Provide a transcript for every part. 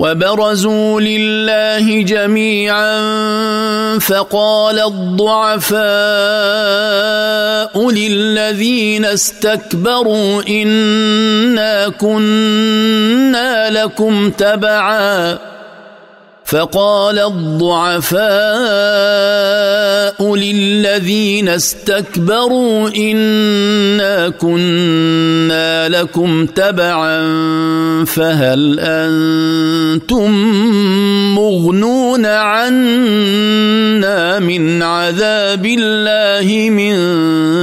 وبرزوا لله جميعا فقال الضعفاء للذين استكبروا انا كنا لكم تبعا فقال الضعفاء للذين استكبروا انا كنا لكم تبعا فهل انتم مغنون عنا من عذاب الله من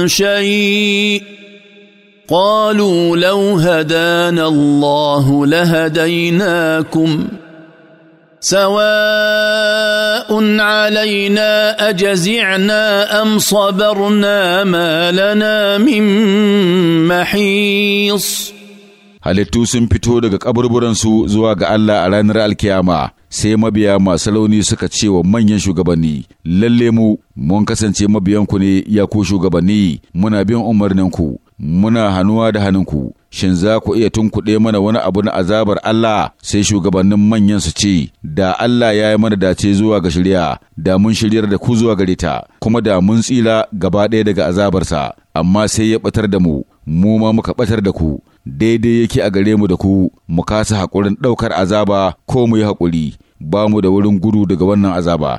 شيء قالوا لو هدانا الله لهديناكم سواء علينا اجزعنا ام صبرنا ما لنا من محيص halittu sun fito daga kaburburansu zuwa ga Allah a ranar alkiyama sai mabiya masu launi suka ce wa manyan shugabanni lalle mu mun kasance mabiyanku ne ya ku shugabanni muna bin umarninku muna hannuwa da hannunku shin za ku iya tunkuɗe mana wani abu na azabar Allah sai shugabannin manyan su ce, da Allah ya yi mana dace zuwa ga shirya, da mun shiryar da ku zuwa gare ta, kuma da mun tsira gaba ɗaya daga azabarsa, amma sai ya ɓatar da mu, mu ma muka ɓatar da ku, daidai yake a gare mu da ku, mu kasa haƙurin ɗaukar azaba ko mu yi haƙuri, ba mu da wurin gudu daga wannan azaba.